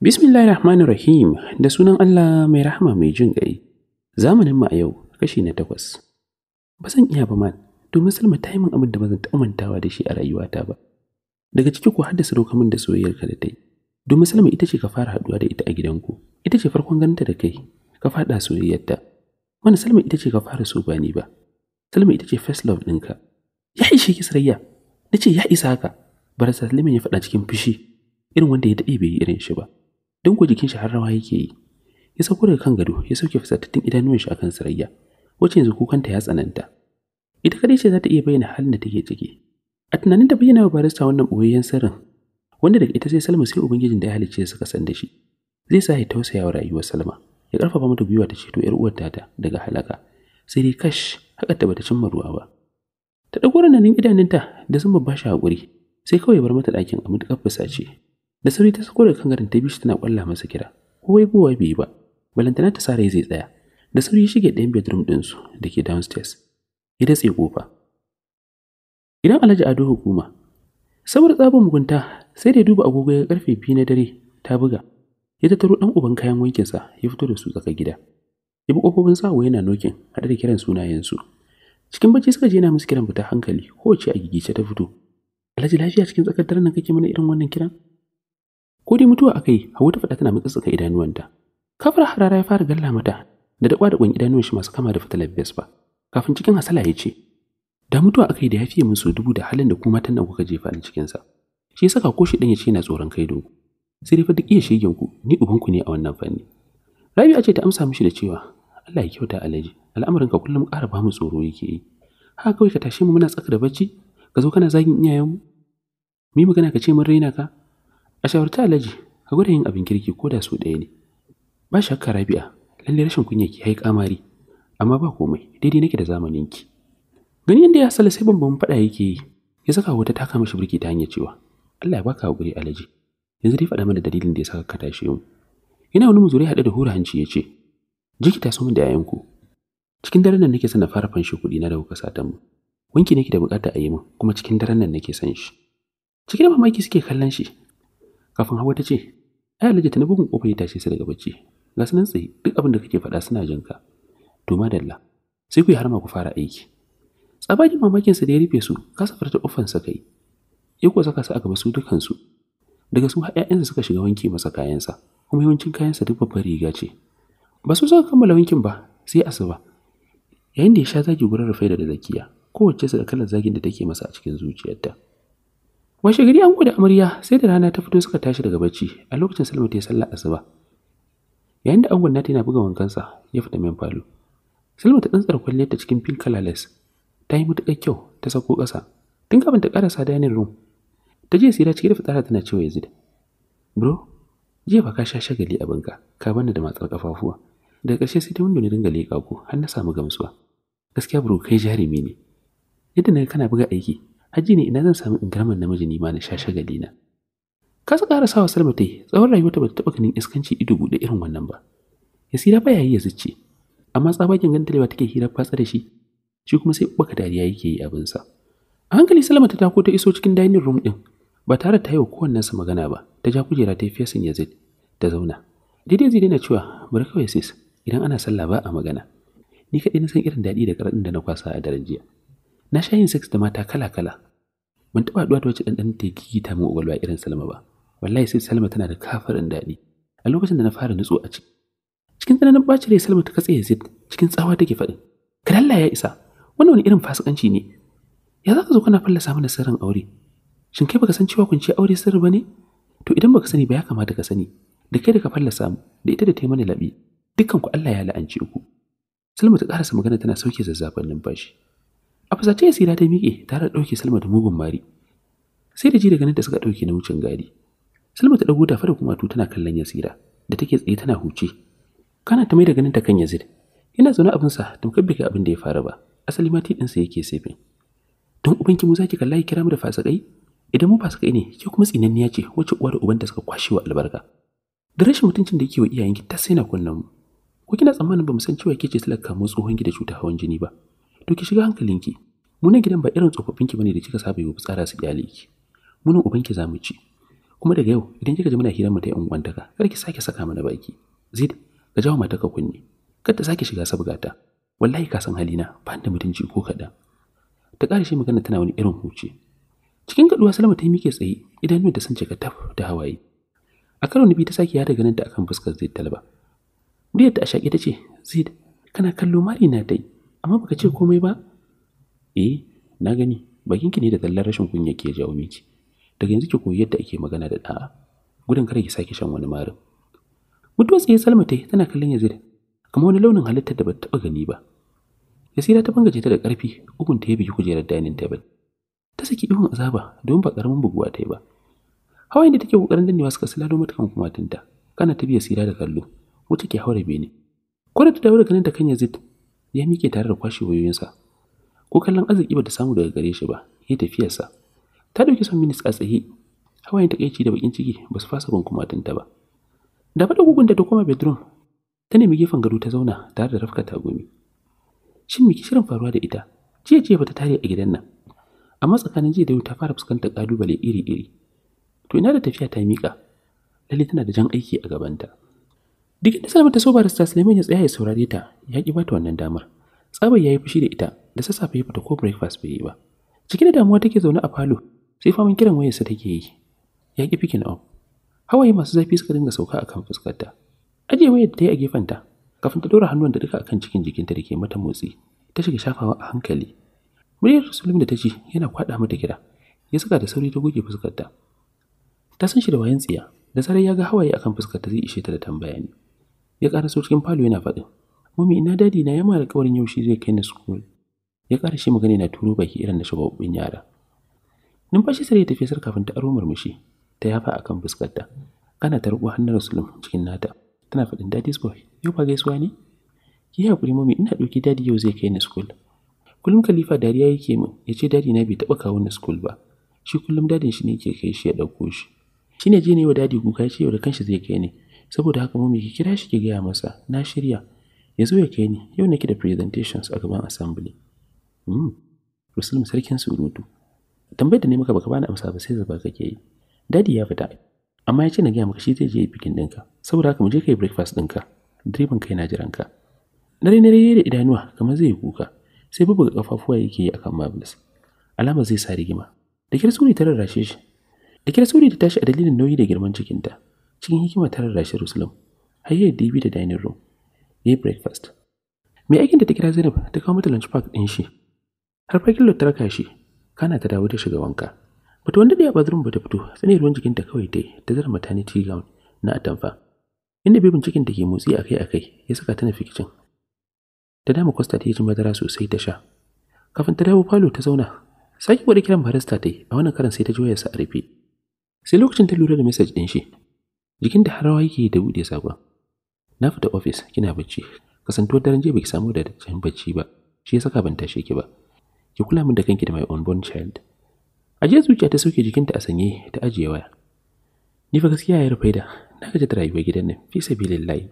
Bismillahir Rahmanir Rahim da sunan Allah mai rahama mai jin ƙai. Zamanin mu a yau kashi na takwas. Ba zan iya ba man, domin Salma ta yi min abin da ba zan taɓa mantawa da shi a rayuwata ba. Daga ciki ku haddasa roka min da ka da ta yi. Domin Salma ita ce ka fara haɗuwa da ita a gidanku. Ita ce farkon ganinta da kai, ka faɗa soyayyarta. Wani Salma ita ce ka fara so ba ni ba, Salma ita ce first love ɗinka. Ya ishe ki sarayya, na ce ya isa haka, Barasasalimin Salma ya faɗa cikin fushi, irin wanda ya daɗe bai yi irin shi ba. Don ko jikin shi har rawa yake yi. Ya sauko daga kan gado, ya sauke fasatattun idanuwan shi akan sarayya, wacce yanzu kukanta ya tsananta. Ita kadai ce za ta iya bayyana halin da take ciki. A tunanin ta bayyana wa barista wannan ɓoyayyen sirrin, wanda daga ita sai Salma sai Ubangijin da ya halicce suka san da shi. Zai sa ya tausaya wa rayuwar Salma, ya ƙarfafa mata gwiwa ta ceto ‘yar uwarta daga halaka. sai dai kash haka ta bata cimma ruwa ba ta ɗago rananin idanunta da sun ba shi haƙuri sai kawai bar mata ɗakin a matuƙar fasace da sauri ta sako da kangarin ta bishi tana ƙwalla masa kira ko wai buwa bai yi ba balantana ta sare zai tsaya da sauri ya shige ɗayan bedroom ɗinsu da ke downstairs ya datse ƙofa idan alhaji ado hukuma saboda tsabar mugunta sai da duba agogo ya karfe biyu na dare ta buga ya tattaro ɗan uban kayan wankinsa ya fito da su tsaka gida ya bi ƙofofin sawo yana nokin haɗe da kiran sunayensu cikin bacci suka je yana musu kiran fita hankali kowace a gigice ta fito alhaji lafiya cikin tsakar daren nan kake mana irin wannan kiran ko dai mutuwa akai hawa ta faɗa tana mutsutsuka idanuwanta kafar harara ya fara galla mata da daɓa da ƙwan idanuwan shi masu kama da fitilar Besba. kafin cikin hasala ya ce da mutuwa akai da ya fiye min dubu da halin da ku matan nan kuka jefa ni cikinsa shi ya saka ko shi ɗan ya ce yana tsoron kai dogo sai dai fa duk iya shegen ku ni ubanku ne a wannan fanni Rabi'a ce ta amsa mishi da cewa Allah ya kyauta alaji al'amarin ka kullum ƙara ba mu tsoro yake yi haka kawai ka tashe mu muna tsaka da bacci ka zo kana zagin iyayen mu mu yi magana ka ce mun raina ka a shawarta alaji ka gwada yin abin kirki ko da su ɗaya ne ba shakka rabi'a lalle rashin kunya ki yayi kamari amma ba komai daidai nake da zamanin ki Gani yadda ya sala sai bambam faɗa yake yi ya saka wata kama shi birki ta hanyar cewa Allah ya baka hakuri alaji yanzu dai faɗa mana dalilin da ya saka ka tashe mu yana wani muzuri haɗe da hura hanci ya ce Jiki ta taso min da yayanku. Cikin daren nan nake son fara fanshi kuɗi na da kuka sata mu. Wanki nake da bukata a yi min kuma cikin daren nan nake son shi. Cikin da mamaki suke kallon shi. Kafin hawa ta ce, "Ai alaji ta bugun kofar ta su daga bacci. Ga su nan duk abin da kake faɗa suna jin ka." To madalla. Sai ku yi harma ku fara aiki. Tsabagen mamakin sa da ya rufe su, kasa da ofan sa kai. Ya ko saka su a gaba su dukansu. Daga su har 'ya'yansa suka shiga wanki masa kayansa, kuma yawancin kayansa duk babbar riga ce, ba su suka kammala wankin ba sai asuba yayin da ya sha zagi gurin rufai da zakiya kowace su da kalar zagin da take masa a cikin zuciyarta washe gari an da amarya sai da rana ta fito suka tashi daga bacci a lokacin salma ta yi sallah asuba yayin da angon nata yana buga wankan sa, ya fita min falo salma ta tsantsar kwalliyar ta cikin pink colorless ta yi matuƙar kyau ta sauko ƙasa tun kafin ta ƙarasa dining room ta je sira cike da fitsara tana cewa yazid bro jiya ba ka sha shagali a banka ka bani da matsar kafafuwa daga ƙarshe sai ta windo ne dinga leƙa ku har na samu gamsuwa gaskiya bro kai jarumi ne yadda na kana buga aiki hajji ne ina zan samu ingarman namiji ne ma na sha shagali na Ka kasa ƙara sawa salma ta yi tsawon rayuwarta ba ta taɓa ganin iskanci ido buɗe irin wannan ba yasira ba yayi ya zuce amma tsabagen ganin talewa take hira fatsa da shi shi kuma sai baka dariya yake yi abinsa a hankali salma ta tako ta iso cikin dining room ɗin ba tare ta yi wa magana ba ta ja kujera ta yi fesin yazid ta zauna daidai zai daina cewa bari kawai idan ana sallah ba a magana ni kaɗai na san irin daɗi da karɗin da na kwasa a daren jiya na sha yin sex da mata kala-kala ban taɓa haɗuwa da wacce ɗanɗan ta ta min a irin salma ba wallahi sai salma tana da kafarin daɗi a lokacin da na fara nutsu a ciki cikin tsananin ɓacin rai salma ta katse yazid cikin tsawa take faɗin kadalla ya isa wannan wani irin fasikanci ne ya za ka zo kana fallasa mana sirrin aure shin kai baka san cewa kun ce aure sirri ba ne to idan baka sani ba ya kamata ka sani da kai da ka fallasa mu da ita da ta yi mana laɓi dukanku Allah ya la'ance ku Salma ta karasa magana tana sauke zazzafan numfashi a fusace Yasira ta miƙe tare da ɗauke Salma da mugun mari sai da ji da ganin da suka ɗauke na wucin gadi Salma ta ɗago tafa da kumatu tana kallon Yasira da take tsaye tana huce kana ta mai da ganin ta kan Yazid yana zaune abinsa tamkar bika abin da ya faru ba asali ma tiɗinsa yake sefin don ubanki mu zaki kalla kira mu da fasakai idan mu fasakai ne ke kuma tsinanniya ce wacce uwa da ubanta suka kwashe wa albarka da rashin mutuncin da yake wa iyayenki ta sai na kunnen mu ko kina tsammanin bamu san cewa ke ce kamu tsohon gida cuta hawan jini ba to ki shiga hankalinki mu nan gidan ba irin tsofaffin ki bane da kika saba yi tsara su iyali ki mu uban ki za mu ci kuma daga yau idan kika ji muna hira mu ta yan uwantaka kar ki sake saka mana baki zid ka jawo mata ka kunni kar ta sake shiga sabgata wallahi ka san halina ba da mutunci ko kaɗan ta ƙarshe magana tana wani irin huce cikin gaduwa salama ta yi mike tsaye nuna da sun ka taf da hawaye a karo na biyu ta sake yada ganin ta akan fuskar zai talba Muryar ta a ta ce, Zid, kana kallo mari na dai, amma baka ce komai ba? Eh, na gani, bakinki ne da tallar rashin kunya ke jawo miki. Daga yanzu ki koyi yadda ake magana da ɗa'a, Gudun kar ki sake shan wani marin. Mutuwa tsaye Salma ta tana kallon Yazid, kamar wani launin halittar da ba taɓa gani ba. Yasira ta banga ta da ƙarfi, ugun ta ya bigi kujerar dainin table. Ta saki ihun azaba don ba ƙaramin buguwa ta yi ba. Hawayen da take ƙoƙarin dannewa suka silalo mata kan kumatinta, kana ta biya sira da kallo. wuce ke haure bene ko da ta dawo ganin ta da kan yazid ya mike tare da kwashe wayoyinsa ko kallon arziki ba ta samu daga gare shi ba ya tafiyarsa ta ɗauki son minis a tsaye hawayen kaici da bakin ciki ba su fasa bin ta ba da faɗa gugunta ta koma bedroom ta nemi gefen gado ta zauna tare da rafka tagumi shin miki shirin faruwa da ita jiya jiya ta tare a gidan nan amma tsakanin jiya da yau ta fara fuskantar kalubale iri-iri to ina da tafiya ta mika lalle tana da jan aiki a gabanta Duk inda Salma ta so Star Suleiman ya tsaya ya saurare ta, ya ki bata wannan damar. Tsabar ya yi fushi da ita, da sassafe ya fita ko breakfast bai yi ba. Cikin da damuwa take zaune a falo, sai faman kiran wayarsa take yi. Ya ki fikin on. Hawaye masu zafi suka dinga sauka akan fuskarta. Ajiye wayar ta yi a gefenta, kafin ta dora hannuwan da duka akan cikin jikinta da ke mata motsi, ta shiga shafawa a hankali. Muryar Suleiman da ta ji yana kwaɗa mata kira. ya saka da sauri ta goge fuskarta. Ta san shi da wayan tsiya, da sarai ya ga hawaye akan fuskarta zai ishe ta da tambaya ne. ya ƙara cikin falo yana faɗin mami ina dadi na yamma da ƙawarin yaushe zai kai ni school ya ƙara shi magana na turo baki irin na shababbin yara numfashi sai ya tafi sar kafin ta aro murmushi ta yafa akan fuskarta kana ta riƙo hannun rasulun cikin nata tana faɗin daddy's boy yau ba gaisuwa ne ki yi haƙuri mami ina ɗauki dadi yau zai kai ni school kullum khalifa dariya yake min ya ce dadi na bai taɓa kawo ni school ba shi kullum dadin shi ne ke kai shi ya ɗauko shi shi ne je ne wa dadi kuka ya ce yau da kanshi zai kai ni saboda haka mu ki kira shi ki gaya masa na shirya ya zo ya kai ni yau nake da presentations a gaban assembly hmm Ruslim sarkin surutu tambayar da ne maka baka bani amsa ba sai zuba kake yi dadi ya fita amma ya ce na gaya maka shi zai je bikin ɗinka saboda haka mu je kai breakfast ɗinka direban kai na jiran ka dare na da idanuwa kamar zai yi kuka sai bubuga kafafuwa yake yi akan marbles alama zai sa rigima da kirsuri ta rarrashe shi da kirsuri ta tashi a dalilin nauyi da girman cikinta cikin hikima ta rarrashi Ruslam har ya dibi da dining room ya yi breakfast mai aikin da ta kira Zainab ta kawo mata lunch pack ɗin shi har fakin kilo ta shi kana ta dawo ta shiga wanka bata wanda da ya ba ta fito sai ruwan jikinta kawai ta yi ta zara maternity gown na atamfa inda bibin cikin ta ke motsi akai-akai ya saka ta nufi kicin ta dama kwasta ta yi madara sosai ta sha kafin ta dawo falo ta zauna sake gwada kiran barista ta yi a wannan karan sai ta juya sa a rufe sai lokacin ta lura da message din shi jikin da har rawa yake da buɗe sakon na fita ofis kina bacci kasantuwar daren jiya baki samu da can bacci ba shi ya saka ban tashe ki ba ki kula min da kanki da my unborn child a zuciya ta sauke jikinta a sanye ta ajiye waya ni fa gaskiya ya rufe da na gaji da rayuwar gidan nan fi sabilillahi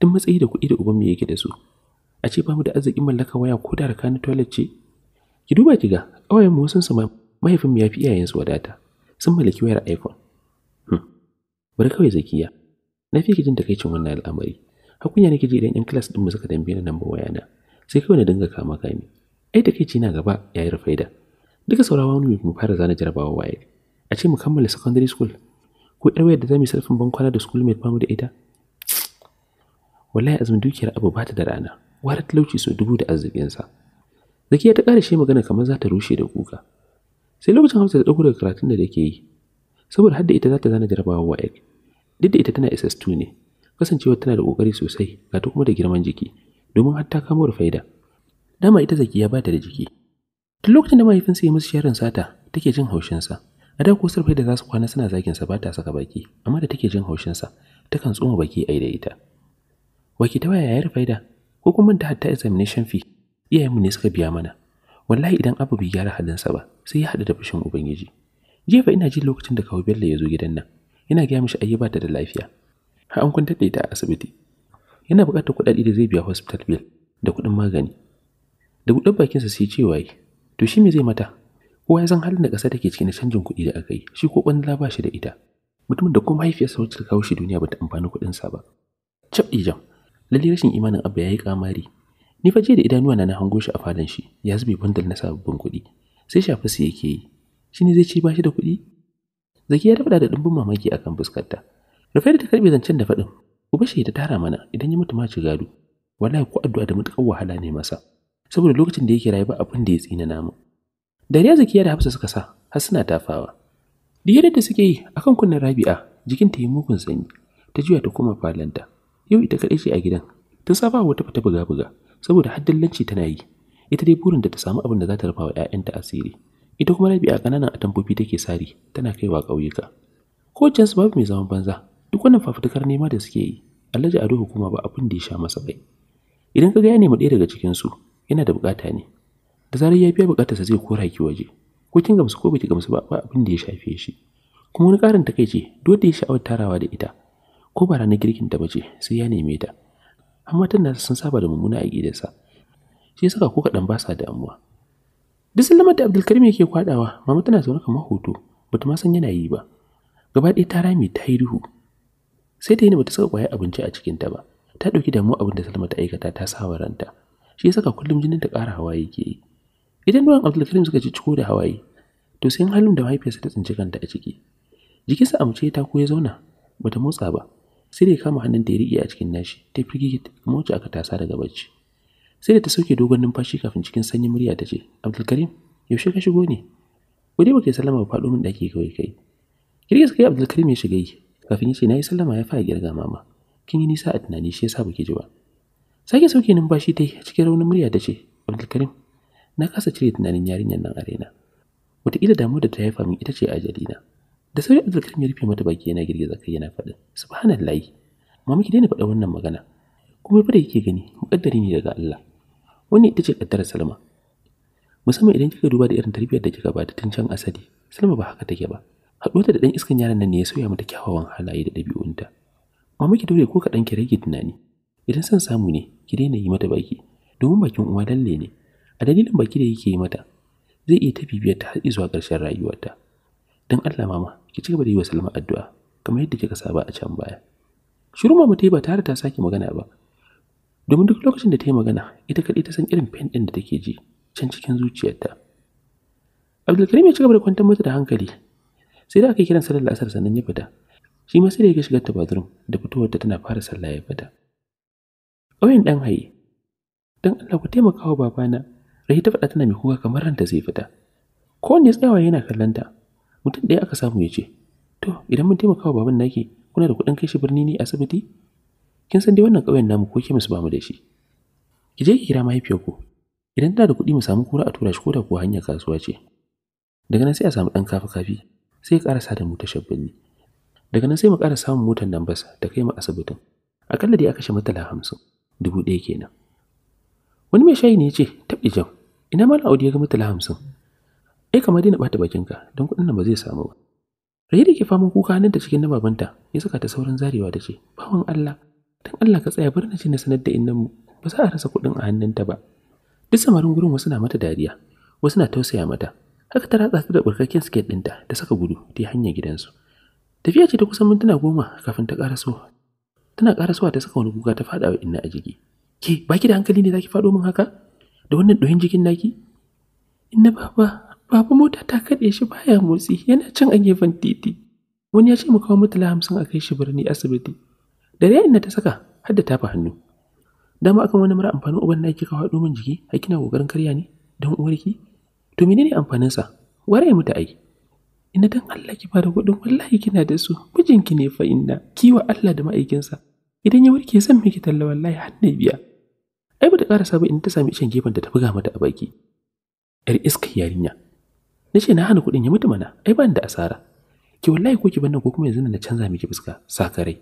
duk matsayi da kuɗi da uban mu yake da su a ce ba mu da arzikin mallaka waya ko da rakani toilet ce ki duba ki ga ƙawayen mu sun sama mahaifin mu fi iyayen su wadata sun mallaki wayar iPhone bari kawai zakiya na fi jin takaicin wannan al'amari hakunya nake ji idan yan class din mu suka dambe na namba wayana sai kawai na dinga kama kami ai takeici na gaba yayi rufaida duka saurawa wani mu fara zana jarabawa waye a ce mu kammala secondary school ko yar wayar da zamu sarfin bankwana da schoolmate famu da ita wallahi azumin dukiyar abu ba ta da rana wara talauci so dubu da arzikinsa zakiya ta ƙara shi magana kamar za ta rushe da kuka sai lokacin hausa ta ɗauko daga karatun da take yi saboda hadda ita za ta zana jarabawa WAEC duk da ita tana SS2 ne kasancewar tana da kokari sosai ga ta kuma da girman jiki domin har ta kamo faida dama ita zakiya ya bata da jiki tun lokacin da mahaifinsa ya musu sharin sata take jin haushin sa a da ko sarfai da za su kwana suna zakin sa ba ta saka baki amma da take jin haushinsa takan tsoma baki ai da ita waki ta waya yayar faida ko kuma ta hatta examination fee mu ne suka biya mana wallahi idan abu bai gyara halinsa ba sai ya haɗu da fushin ubangiji Jefa ina jin lokacin da kawo Bello ya zo gidan nan. Ina gaya mishi ayi ba ta da lafiya. Har an kun da ita a asibiti. Yana buƙatar kuɗaɗe da zai biya hospital bill da kuɗin magani. Da buɗar bakinsa sai cewa yi, to shi me zai mata? Kowa ya san halin da ƙasa take cikin canjin kuɗi da aka yi, shi ko ƙwandala ba shi da ita. Mutumin da ko mahaifiyarsa wacce ta kawo shi duniya bata amfani kuɗinsa ba. Cap eh, jam, lalle rashin imanin Abba ya yi ƙamari. Ni fa je da idanuwa na na hango shi a falon shi, ya zube bundle na sababbin kuɗi. Sai shafa su yake yi, ne zai ce ba shi da kuɗi zaki ya tabbata da ɗumbin mamaki akan fuskarta rufai da ta karɓe zancen da faɗin uba shi ta tara mana idan ya mutu ma ci gado wallahi ko addu'a da mutukar wahala ne masa saboda lokacin da yake rayu ba abin da ya tsina namu dariya zakiya da hafsa suka sa har suna tafawa diyar da suke yi akan kunnen rabi'a jikin ta yi mugun sanyi ta juya ta koma falanta yau ita kaɗai ce a gidan tun safa wata fita buga-buga saboda haddallanci tana yi ita dai burin da ta samu abin da za ta rufa wa 'ya'yanta asiri ita kuma a ƙananan atamfofi take sari tana kaiwa ƙauyuka su babu mai zaman banza duk wannan fafutukar nema da suke yi alhaji ado hukuma ba abin da ya sha masa bai idan ka ga ya ɗaya daga cikin su yana da bukata ne da zarar ya biya bukatar sa zai kora ki waje ko kin gamsu ko baki gamsu ba ba abin da ya shafe shi kuma wani ƙarin takaice dole da ya sha'awar tarawa da ita ko ba ranar girkin ta bace sai ya neme ta amma tana sun saba da mummuna a gidansa shi saka ko kaɗan ba sa damuwa Duk sun lamar da Abdulkarim yake kwaɗawa, mama tana zaune kamar hoto, bata ma san yana yi ba. Gaba ɗaya ta rami ta yi duhu. Sai ta yi bata saka kwaya abinci a cikinta ba. Ta ɗauki damuwa abin da Salma ta aikata ta sa wa ranta. Shi ya saka kullum jinin ta ƙara hawa yake yi. Idan ruwan Abdulkarim suka ci ciko da hawaye, to sai halin da mahaifiyarsa ta tsinci kanta a ciki. Jikinsa amce ta koya ya zauna, bata motsa ba, sai da ya kama hannun da ya riƙe a cikin nashi ta firgige kuma wacce aka tasa daga bacci sai da ta sauke dogon numfashi kafin cikin sanyin murya ta ce abdulkarim yaushe ka shigo ne ku dai sallama ba faɗo min ɗaki kawai kai kirgis kai abdulkarim ya shiga yi kafin ya ce na yi sallama ya fara girga mama kin yi nisa a tunani shi sa baki ji ba sake sauke numfashi ta yi cikin raunin murya ta ce abdulkarim na kasa cire tunanin yarinyar nan a raina wataƙila damuwar da ta haifa min ita ce Jarina. da sauri abdulkarim ya rufe mata baki yana girgiza kai yana faɗin subhanallahi mama ki daina faɗa wannan magana kuma fa da yake gani muƙaddari ne daga Allah Wannan ita ce ƙaddarar Salma. Musamman idan kika duba da irin tarbiyyar da kika bada tun can asali, Salma ba haka take ba. Haɗuwarta da ɗan iskan yaran nan ne ya sauya mata kyawawan halaye da ɗabi'unta. Mama ki daure ko kaɗan ki rage tunani. Idan son samu ne, ki daina yi mata baki, domin bakin uwa lalle ne. A dalilin baki da yake yi mata, zai iya ta bibiyar ta har zuwa ƙarshen rayuwarta. Don Allah mama, ki ci gaba da yi wa Salma addu'a, kamar yadda kika saba a can baya. Shiru mama ta yi ba tare ta sake magana ba, domin duk lokacin da ta yi magana ita kaɗai ta san irin pain ɗin da take ji can cikin zuciyarta abdulkarim ya ci gaba da kwantar mata da hankali sai da aka yi kiran sallar asar sannan ya fita shi ma sai da ya shiga ta bathroom da fitowar ta tana fara sallah ya fita ƙauyen ɗan haye dan Allah ku taimaka wa babana rahi ta faɗa tana mai kuka kamar ranta zai fita ko wanda ya tsayawa yana kallon ta mutum ɗaya aka samu ya ce to idan mun taimaka wa baban naki kuna da kuɗin kai shi birni ne asibiti kin san dai wannan ƙauyen namu ko ke musu bamu da shi ki je ki kira mahaifiyar ku idan tana da kuɗi mu samu kura a tura shi ko da kuwa hanyar kasuwa ce daga nan sai a samu ɗan kafa kafi sai ya ƙarasa da mu tashar daga nan sai mu ƙara samun motar nan bas ta kai mu asibitin akalla dai aka kashe matala hamsin dubu ɗaya kenan wani mai shayi ne ya ce taɓi jam ina malam audi ya ga matala hamsin ai eh, kamar dai na ɓata bakinka don kuɗin nan ba zai samu ba Rai da ke faman kuka ta cikin na babanta ya saka ta saurin zarewa da ce bawan allah don Allah ka tsaya bar na ji na sanar da innan mu ba za a rasa kuɗin a hannunta ba duk samarin gurin wasu na mata dariya wasu na tausaya mata haka ta ratsa da burkakken siket ɗinta da saka gudu ta hanyar gidansu tafiya ce ta kusan mintuna goma kafin ta ƙaraso tana ƙarasowa ta saka wani guga ta faɗa wa inna a jiki ke ba ki da hankali ne zaki faɗo min haka da wannan ɗoyin jikin naki inna baba baba mota ta kaɗe shi baya motsi yana can a gefen titi wani ya ce mu kawo mutala hamsin a kai shi birni asibiti Dare ina inda ta saka har da fa hannu dama akan wani mara amfanin uban na kika hadu min jiki har kina kokarin karya ne don uwarki to menene amfanin sa ware mu ta ai ina dan Allah ki bada kuɗin wallahi kina da su mijinki ne fa inna kiwa Allah da sa idan ya warke san miki talla wallahi har na biya ai bata karasa ba in ta sami ishin gefen da ta buga mata a baki yar iska yarinya nace na hana kuɗin ya mutu mana ai ban da asara ki wallahi ko ki bannan ko kuma yanzu na canza miki fuska sakarai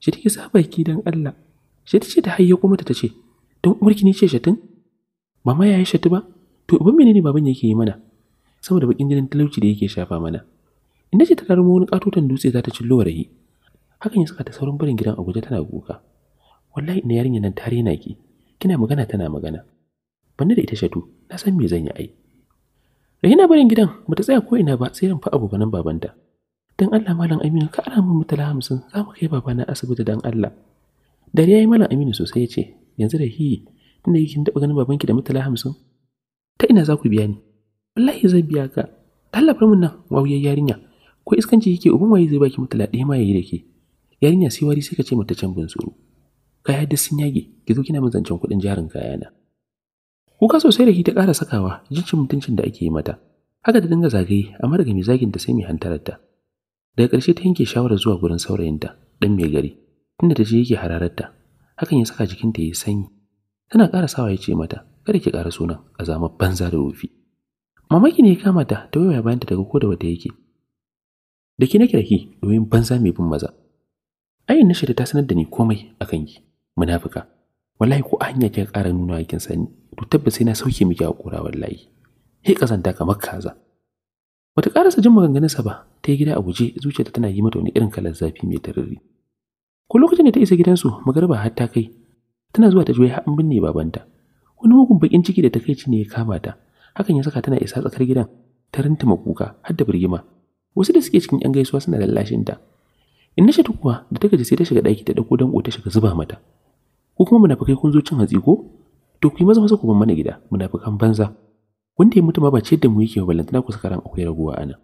shi take saba ki dan Allah shi tace ce ta hayya kuma ta ce don uwarki ne ce shatin ba ma yayi shatu ba to uban menene baban yake yi mana saboda bakin jinin talauci da yake shafa mana inda ce ta karmo wani katotan dutse za ta cillo rayi hakan ya saka ta sauran barin gidan Abuja tana kuka wallahi ina yarinya nan tare na ki kina magana tana magana banda da ita shatu na san me zan yi ai Rahina barin gidan bata tsaya ko ina ba sai ran fa abokanan babanta don Allah malam Aminu ka ana mun mutala hamsin za mu kai babana asibiti don Allah dare yi malam Aminu sosai ya ce yanzu da hi tunda yake kin taɓa ganin babanki da mutala hamsin ta ina za ku biya ni wallahi zai biya ka tallafa mun nan wawuyar yarinya ko iskanci yake uban waye zai baki mutala ɗaya ma yayi da ke yarinya sai wari sai ka ce mata can bin tsoro kaya duk sun yage ki zo kina min zancen kuɗin jarin kayana kuka sosai da ki ta ƙara sakawa jincin mutuncin da ake yi mata haka da dinga zagaye amma daga mai zaginta sai mai hantararta daga ƙarshe ta yanke shawarar zuwa gurin saurayinta ɗan mai gari tunda ta ce yake hararta hakan ya saka jikinta ya sanyi tana ƙara sawa ya ce mata kada ki ƙara sunan a zama banza da rufi. mamaki ne ya kama ta ta waya bayanta daga ko da wata yake da ki nake da ki domin banza mai bin maza ayin na shida ta sanar da ni komai akan ki munafuka wallahi ko a hanya kika ƙara nuna kin sani to tabbas sai na sauke miki ƙura wallahi Hei ƙazanta kamar kaza Bata ƙarasa jin maganganunsa ba, ta yi gida a guje zuciyarta tana yi mata wani irin kalar zafi mai tarari. Ko lokacin da ta isa gidansu, magarba har ta kai, tana zuwa ta juya an binne babanta. Wani mugun bakin ciki da ta takaici ne ya kama ta, hakan ya saka tana isa tsakar gidan, ta rintama kuka har da birgima. Wasu da suke cikin 'yan gaisuwa suna lallashin ta. In na shatu kuwa da ta gaji sai ta shiga ɗaki ta ɗauko danko ta shiga zuba mata. Ko kuma munafukai kun zo cin hatsi ko? To ku yi maza masa ku ban mana gida, munafukan banza. wanda ya mutu ma ba ce da mu yake ba lantana kusa sakaran akwai raguwa ana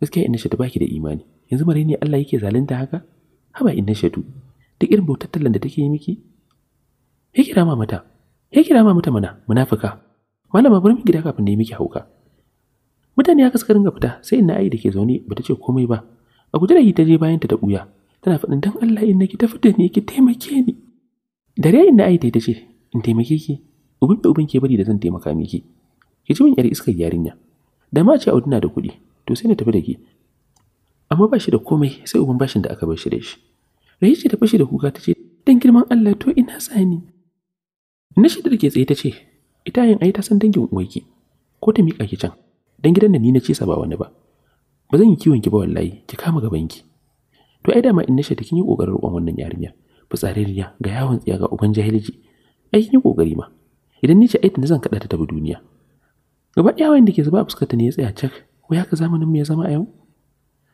gaskiya inna shatu baki da imani yanzu mare ne Allah yake zalunta haka haba inna shatu duk irin bautar da take yi miki ya kira ma mata ya kira ma mata mana munafika malama bari gida kafin da yi miki hauka mutane ya suka ringa fita sai inna ai da ke zaune ta ce komai ba a guje da ta je bayanta ta buya tana faɗin dan Allah inna ki tafi da ni ki taimake ni dare inna da ta ce in taimake ki ubin da ubin ke bari da zan taimaka miki Ki ji min yar iskar yarinya da ma ce a na da kuɗi to sai na tafi da ke amma ba shi da komai sai uban bashin da aka bar shi da shi Rai ce ta fashi da kuka ta ce dan girman Allah to ina sani na shi da ke tsaye ta ce ita yin ai ta san dangin ki ko ta miƙa ki can dan gidan da ni na ce sa ba wani ba ba zan yi kiwon ki ba wallahi ki kama gaban ki to ai dama in na ta kin yi kokarin roƙon wannan yarinya fitsaririya ga yawon tsiya ga uban jahilci ai kin yi kokari ma idan ni ce ai ta zan kaɗa ta tabi duniya gaba ɗaya wanda da ke zuba a fuskarta ne ya tsaya cak ya ka zamanin mu ya zama a yau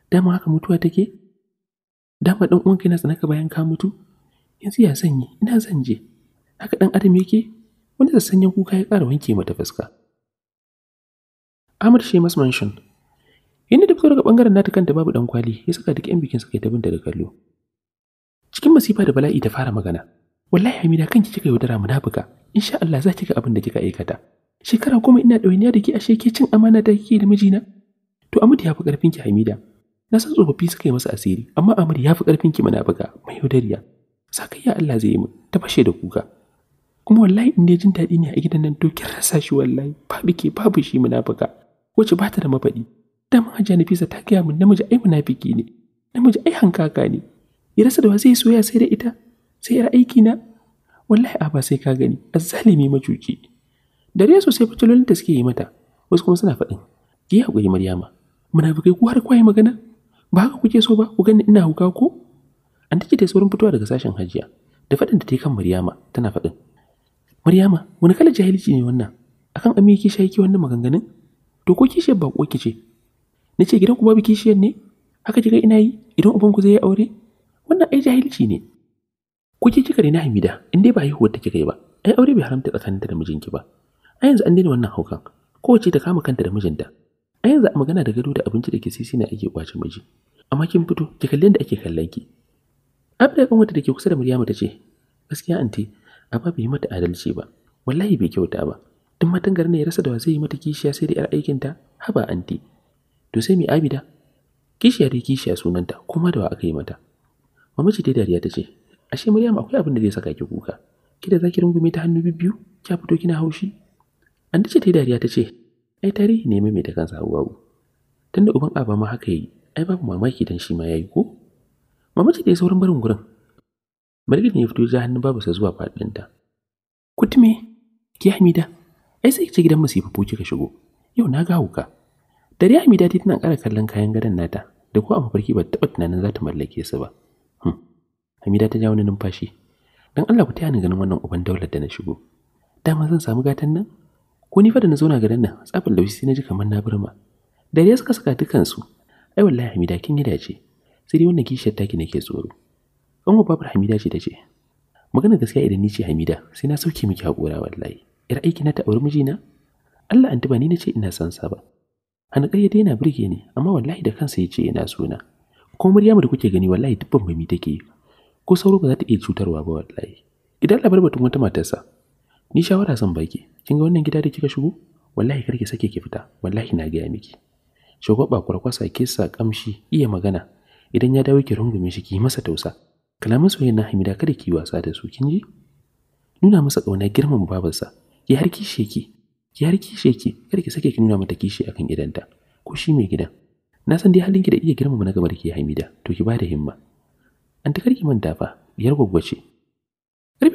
dama haka mutuwa take dama ɗan uwanka yana tsanaka bayan ka mutu yanzu ya sanyi ina zan je haka ɗan adam yake wani da sanyin kuka ya ƙara wanke mata fuska Ahmad Shemas Mansion Yanda da fito daga bangaren nata kanta babu dan kwali ya saka duk yan bikin suka tabin daga kallo. Cikin masifa da bala'i ta fara magana. Wallahi Hamida kanki kika yaudara mu, munafuka. Insha Allah za ki ga abin da kika aikata. shekara goma ina ɗawainiya da ke ashe ke cin amana da kike da mijina to amadu ya fi ƙarfin ki hamida na san tsofaffi suka yi masa asiri amma amadu ya fi ƙarfin ki buga mai yaudariya ya Allah zai yi min ta fashe da kuka kuma wallahi in jin daɗi ne a gidan nan to kin rasa shi wallahi babu ke babu shi munafuka wace ba ta da mafaɗi mun hajja nafisa ta gaya mun namiji ai munafiki ne namiji ai hankaka ne ya rasa da wa zai soya sai da ita sai yar aiki na wallahi a ba sai ka gani azzalimi macuci dariya sosai fitulolin da suke yi mata wasu kuma suna faɗin ki haƙuri maryama munafukai ku har kwaye magana ba haka kuke so ba ku gani ina huka ko an take ta saurin fitowa daga sashen hajiya da faɗin da ta yi kan maryama tana faɗin maryama wani kalar jahilci ne wannan akan ami ki shayi ki wannan maganganun to ko kishiyar ba ko kice ce gidan ku babu kishiyar ne haka kika ina yi idan uban ku zai yi aure wannan ai jahilci ne kuke kika ne na Hamida in dai ba haihuwar take kai ba ai aure bai haramta tsakaninta da mijinki ba a yanzu an daina wannan haukan kowace ta kama kanta da mijinta a yanzu a magana da gado da abinci da ke sisi na ake kwace miji amma kin fito ki kalli da ake kallon ki abda kan wata da ke kusa da Maryamu ta ce gaskiya anti amma bai yi mata adalci ba wallahi bai kyauta ba duk matan garin ne ya rasa da wa zai yi mata kishiya sai da yar aikin ta haba anti to sai mai abida kishiya dai kishiya sunanta kuma da wa aka yi mata mamaci dai dariya ta ce ashe Maryamu akwai abin da zai saka ki kuka ki da zaki rungume ta hannu biyu kya fito kina haushi An dace ta yi dariya ta ce, ai tarihi ne mai da kansa Hawwa'u. Tunda uban Aba ma haka yi, ai babu mamaki dan shi ma ya yi ko? Mama ce da ya saurin barin gurin. malikin ya fito ja hannun babu sa zuwa ta Kutume, ki Hamida, ai sai ki gidan masifafu kika shigo. Yau na gawo ka. Dare Hamida ta tana kara kallon kayan gadon nata, da ko a mafarki ba taɓa tunanin za ta mallake su ba. Hm. Hamida ta ja wani numfashi. Dan Allah ku taya ni ganin wannan uban daular da na shigo. Dama zan samu gatan nan? ko ni fa da na zauna garin nan tsafin laushi sai na ji kamar na birma dare suka saka dukansu ai wallahi hamida kin yi dace sai dai wannan kishiyar taki nake tsoro an babar hamida ce ta ce magana gaskiya idan ni ce hamida sai na sauke miki haƙura wallahi ir aiki na ta auri mijina Allah an tuba ni na ce ina san sa ba hana ƙarya dai yana birge ni amma wallahi da kansa ya ce yana suna kuma Maryamu da kuke gani wallahi dubban bami take ko sauro ba za ta iya cutarwa ba wallahi idan labar batun wata matarsa ni shawara zan baki kin ga wannan gida da kika shigo wallahi karki sake ki fita wallahi na gaya miki shagwaba kwarkwasa kisa kamshi iya magana idan ya dawo ki rungume shi ki masa tausa Kalamin soyayya na Hamida kada ki wasa da su kin ji nuna masa kauna girman babarsa ki har kishe ki ki har kishe ki ki sake ki nuna mata kishi akan idanta ko shi mai gidan na san dai halin ki da iya girmama na gaba da Hamida to ki bada himma an ta karki manta fa yar gwaggwace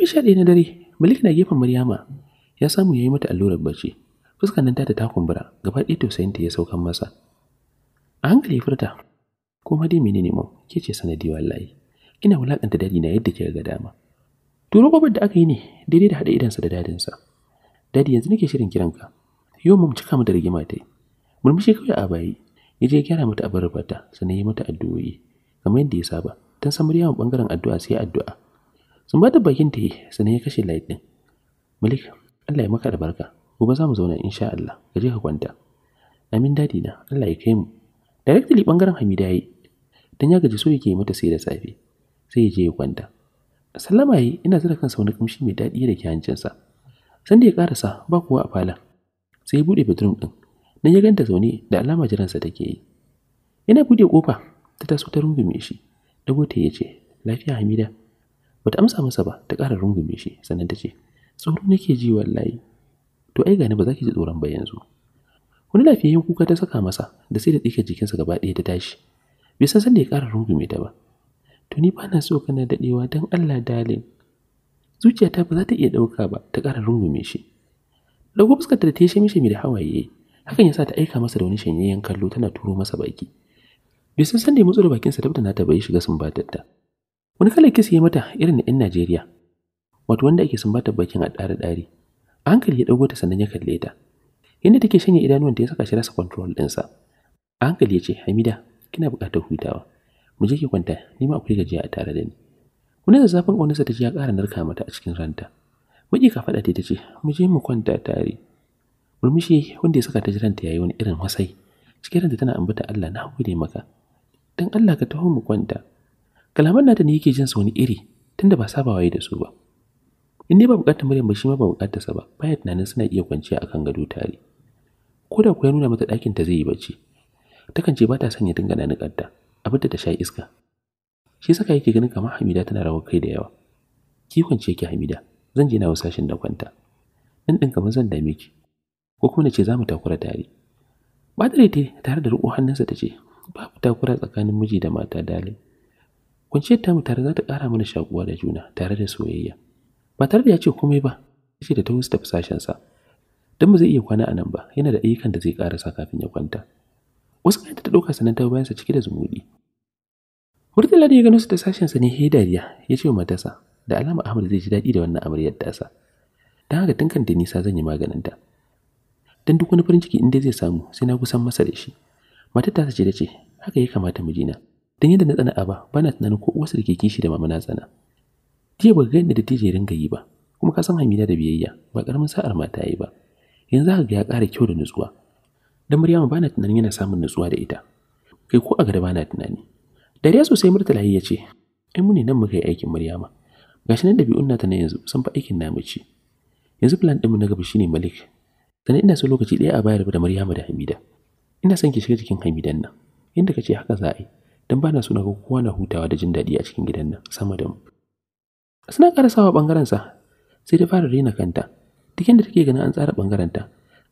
sha ɗaya na dare Malik na gefen Maryama ya samu yayi mata allurar bacci. Fuskar nan ta ta kumbura, gaba ɗaya tausayinta ya saukan masa. A hankali furta, ko ma dai menene mu ke ce sanadi wallahi. Ina wulakanta dadi na yadda kika ga dama. Turo gobar da aka yi ne daidai da haɗa idansa da dadinsa. Dadi yanzu nake shirin kiran ka. Yau mu cika mu da rigima ta yi. Murmushi kawai a bayi, ya je gyara mata abin rubuta sannan ya mata addu'o'i kamar yadda ya saba. Dan san Maryama bangaren addu'a sai addu'a. da bakin ta yi sannan ya kashe light din malik Allah ya maka da albarka gobe za mu zauna insha Allah ka je ka kwanta amin dadi na Allah ya kai mu directly bangaren Hamida yi. dan ya gaji so yake mata sai da safe sai ya je ya kwanta sallama yi ina zira kansa wani kamshi mai daɗi da ke hancinsa san da ya karasa ba kuwa a falon sai ya buɗe bedroom din dan ya ganta zaune da alama jiransa take yi yana buɗe kofa ta taso ta rungume shi dago ya ce lafiya hamida bata amsa masa ba ta ƙara rungume shi sannan ta ce tsoro nake ji wallahi to ai gani ba za ki ji tsoron ba yanzu wani lafiyayyen kuka ta saka masa da sai da tsike jikinsa gaba ɗaya ta tashi bai san sanda ya ƙara rungume ta ba to ni ba na so kana daɗewa don Allah dalin zuciyata ba za ta iya ɗauka ba ta ƙara rungume shi Dauko fuskar ta ta shemi shemi da hawaye hakan ya sa ta aika masa da wani shanyayyen kallo tana turo masa baki bai san sanda ya matsu da bakinsa bata na ta bai shiga sumbatar ta wani kalar kisa ya mata irin na 'yan Najeriya wato wanda ake sumbatar bakin a ɗari-ɗari a hankali ya ɗago ta sannan ya kalle ta inda take shanye idanuwanta ya saka shi rasa kwantarwar ɗinsa a hankali ya ce Hamida kina buƙatar hutawa mu je ki kwanta ni ma akwai gajiya a tare da ni wani zafin ƙaunarsa ta ji ya ƙara narka mata a cikin ranta Baƙi ka faɗa ta ce, mu je mu kwanta tare. Murmushi wanda ya saka ta ji ya yayi wani irin wasai. Cikin ranta tana ambata Allah na gode maka. Dan Allah ka taho mu kwanta. kalaman nata ne yake jin su wani iri tunda ba sabawa da su ba in dai ba bukatar Maryam ba shi ma ba bukatar sa ba bayan tunanin suna iya kwanciya akan gado tare ko da ku ya nuna mata ɗakin ta zai yi bacci takan ce ba ta sanya dinga na nikarta da ta sha iska shi saka yake ganin kamar Hamida tana rawar kai da yawa ki kwance ki Hamida zan je na shin da kwanta nan din kamar zan dame ki ko kuma nace za mu takura tare Badare tare da riƙo hannunsa ta ce babu takura tsakanin miji da mata dalin Kunciyar tamu tare za ta ƙara mana shakuwa da juna tare da soyayya. Ba tare da ya ce komai ba, ya da ta wusta fasashensa. Don ba zai iya kwana a nan ba, yana da ayyukan da zai ƙarasa kafin ya kwanta. Wasu kayan ta ɗauka sanan ta bayansa cike da zumuɗi. Murtala da ya gano su da sashensa ne ya dariya ya ce wa matasa da alama Ahmad zai ji daɗi da wannan amaryar tasa. Don haka tun kan da nisa zan yi maganinta. Dan duk wani farin ciki in dai zai samu sai na kusan masa da shi. Matar ta ce da ce haka ya kamata na. dan yadda na tsana ba bana tunanin ko wasu da ke kishi da mama tsana jiya ba ga yadda da tije ringa yi ba kuma ka san Hamida da biyayya ba karamin sa'ar mata yi ba yanzu haka ya ƙara kyau da nutsuwa dan Maryamu bana tunanin yana samun nutsuwa da ita kai ko a gaba bana tunani dariya sosai Murtala ya ce ai mu ne nan muka yi aikin Maryama gashi nan da dabi'un nata na yanzu sun fa aikin namu ce yanzu plan mu na gaba shine Malik sannan ina so lokaci ɗaya a bayar da Maryama da Hamida ina son ki shiga cikin Hamidan nan inda kace haka za a yi don ba na so na ga kowa na hutawa da jin daɗi a cikin gidan nan sama da mu. Suna ƙarasawa sa sai ta fara rena kanta duk da take ganin an tsara ta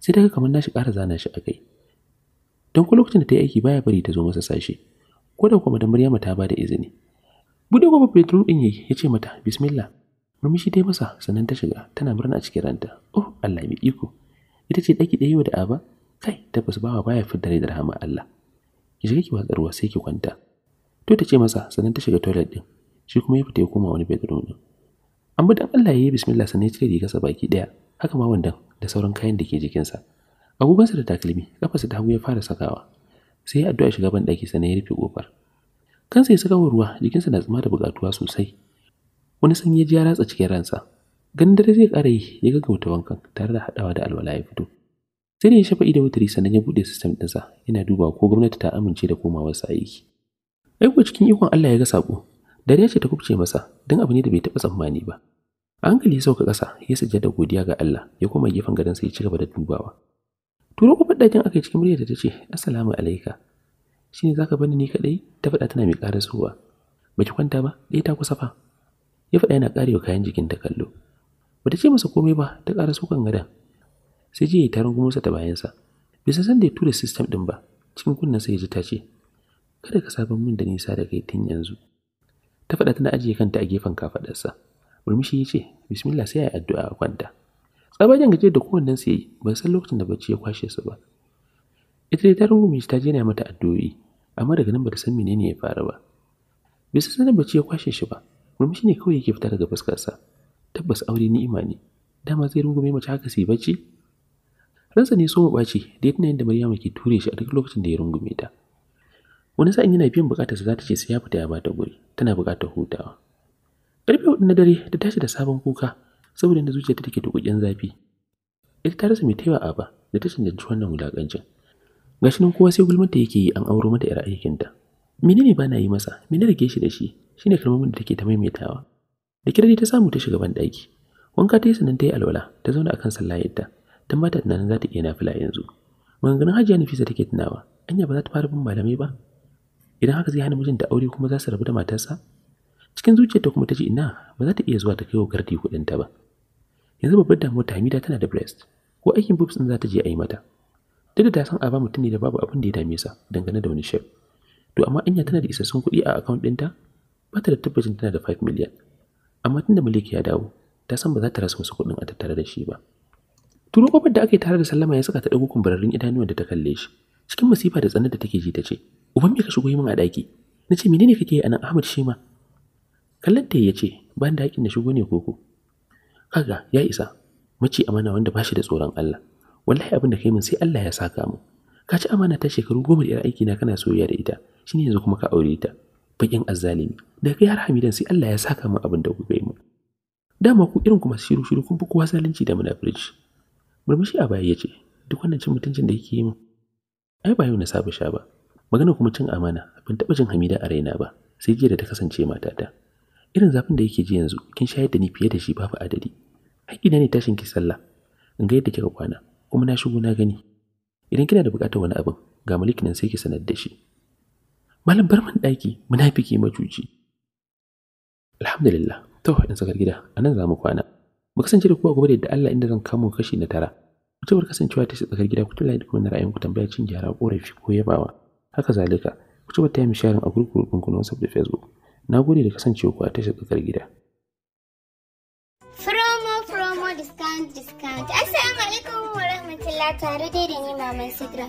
sai ta ga kamar nashi ƙara zana shi a kai. Don ko lokacin da ta yi aiki baya bari ta zo masa sashe ko da kuma da Maryama ta ba da izini. Buɗe kuma Petro ɗin ya ce mata bismillah murmushi ta masa sannan ta shiga tana murna a cikin ranta oh Allah mai iko ita ce ɗaki ɗaya da aba kai tabbas bawa baya fitar da rahama Allah. ki shiga ki watsa ruwa sai ki kwanta to ta ce masa sannan ta shiga toilet din shi kuma ya fita ya koma wani bedroom din an bi dan Allah ya yi bismillah sannan ya cire rigarsa baki daya haka ma wandan da sauran kayan da ke jikinsa agogonsa da takalmi kafarsa ta hagu ya fara sakawa sai ya addu'a shiga ban daki sannan ya rufe kofar kansa ya saka ruwa jikinsa na tsima da bukatuwa sosai wani sanyi ya ji ya ratsa cikin ransa ganin dare zai ƙara yi ya ga gaggauta wankan tare da haɗawa da alwala ya fito sai da ya shafa ido wutari sannan ya buɗe sistem ɗinsa yana duba ko gwamnati ta amince da komawarsa aiki aiko cikin ikon Allah ya ga sako dare ce ta kubce masa don abu ne da bai taɓa tsammani ba a hankali ya sauka ƙasa ya sajjada godiya ga Allah ya koma gefen gadon sa ya ci gaba da dubawa turo kofar ɗakin aka cikin muryar ta ce assalamu alaika shine zaka bani ni kadai ta faɗa tana mai ƙara sowa baki kwanta ba ɗaya ta kusa fa ya faɗa yana karewa kayan jikin ta kallo bata ce masa komai ba ta ƙara sukan gadon. sai ji ta rungu masa ta bayansa Bai san sanda ya tura system din ba cikin kunnen sai ya ji ta ce kada ka saban min da nisa da kai tun yanzu ta faɗa tana ajiye kanta a gefen kafaɗarsa murmushi ya ce bismillah sai ya yi addu'a a kwanta tsabajen gaje da kowannen sai yi ban san lokacin da bacci ya kwashe su ba ita dai ta rungume ta je mata addu'o'i amma daga nan bata san menene ya faru ba Bai san sanin bacci ya kwashe shi ba murmushi ne kawai yake fita daga fuskarsa tabbas aure ni'ima ne dama zai rungume mace haka sai bacci ransa ne so mu ɓaci da ya tuna yadda maryama ke ture shi a duk lokacin da ya rungume ta wani sa'in yana biyan bukatarsa za ta ce sai ya fita ya bata guri tana bukatar hutawa Ƙarfe hudu na dare ta tashi da sabon kuka saboda inda zuciyarta take tukukin zafi ita ta rasa mai taiwa a ba da ta cancanci wannan wulakancin gashi nan kowa sai gulmanta yake yi an auro mata yar aikinta menene bana yi masa me na rage shi da shi shine kalmomin da take ta maimaitawa da kirari ta samu ta shiga ban daki wanka ta yi sanan ta yi alwala ta zauna akan sallayarta dan da nan za ta iya nafila yanzu maganganun hajiya nafisa take tunawa anya ba za ta fara bin malamai ba idan haka zai hana mijinta aure kuma za su rabu da matarsa cikin zuciyarta kuma ta ce ina ba za ta iya zuwa ta kai wa gardi kuɗinta ba yanzu babbar damuwar ta Hamida tana da breast ko aikin boobs din za ta je a yi mata duk da ta san a ba mutum ne da babu abin da ya dame sa dangane da wani shef to amma anya tana da isassun kuɗi a account ɗinta ba ta da tabbacin tana da 5 million amma tun da Malik ya dawo ta san ba za ta rasa wasu kuɗin a tattare da shi ba turo kofar da ake tare da sallama ya saka ta dago kumburarrin idanuwan da ta kalle shi cikin masifa da tsanar da take ji ta ce uban me ka shigo min a daki na ce menene kake yi a nan ahmad shima kallon ta ya ce ban da hakin na shigo ne koko kaga ya isa mace amana wanda ba shi da tsoron Allah wallahi abin da kai min sai Allah ya saka mu ka ci amana ta shekaru goma da yar aiki na kana soyayya da ita shi ne yanzu kuma ka aure ta bakin azzalimi da kai har hamidan sai Allah ya saka mu abin da kuka yi mu dama ku irin kuma shiru shiru kun fi kowa zalunci da munafurci murmushi a baya ya ce duk wannan cin mutuncin da yake yi min ai ba yau na saba sha ba magana kuma cin amana ban taɓa jin hamida a raina ba sai jiya da ta kasance matata irin zafin da yake ji yanzu kin shayar da ni fiye da shi babu adadi haƙƙina ne tashin ki sallah in ga yadda kika kwana kuma na shigo na gani idan kina da buƙatar wani abin ga maliki nan sai ki sanar da shi malam bar min ɗaki munafiki macuci alhamdulillah to in sakar gida anan za mu kwana mu kasance da kowa gobe da Allah inda zan kamo kashi na tara mutuwar kasancewa ta tsakar gida kuma tunani da kuma ra'ayin ku tambaya cin gyara korafi ko yabawa haka zalika kuma ta yi misharin a gurgurun na whatsapp da facebook na gode da kasancewa ku a tashar tsakar gida promo promo discount discount assalamu alaikum wa rahmatullahi tare dai da ni maman sidra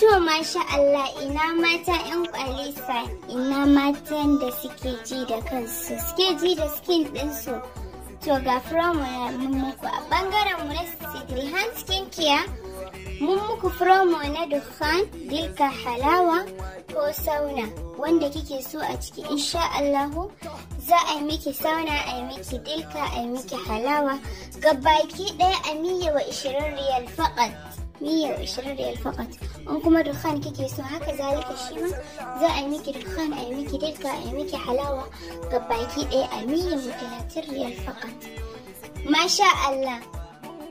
To masha Allah ina mata 'yan kwalisa ina matan da suke ji da kansu suke ji da skin ɗinsu. to ga promo ya mun muku a bangaren mu na sikiri hand skin care mun muku promo na dukkan dilka halawa ko sauna wanda kike so a ciki insha Allah za a yi miki sauna a yi miki dilka a yi miki halawa gabaki daya a miya wa 20 riyal fakat miya wa 20 riyal fakat in kuma dukkan kike so haka zalika shi ma za a miki dukkan a yi miki dilka a yi miki halawa ga baki ɗaya a miliyan talatin riyal fakat masha Allah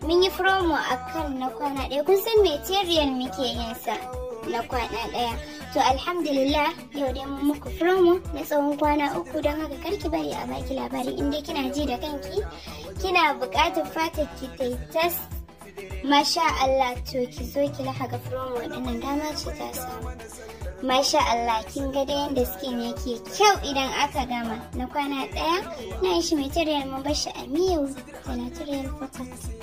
mun yi promo a na kwana ɗaya kun san material muke yin sa na kwana ɗaya to alhamdulillah yau dai mun muku promo na tsawon kwana uku don haka karki bari a baki labari inda kina ji da kanki kina buƙatar fata ki ta Masha Allah to ki zo ki lahaga promo ɗinnan dama ce ta samu. Masha Allah kin ga da yadda skin yake kyau idan aka gama na kwana ɗaya na shi mai tarayyar mun bashi a miyau tana tarayyar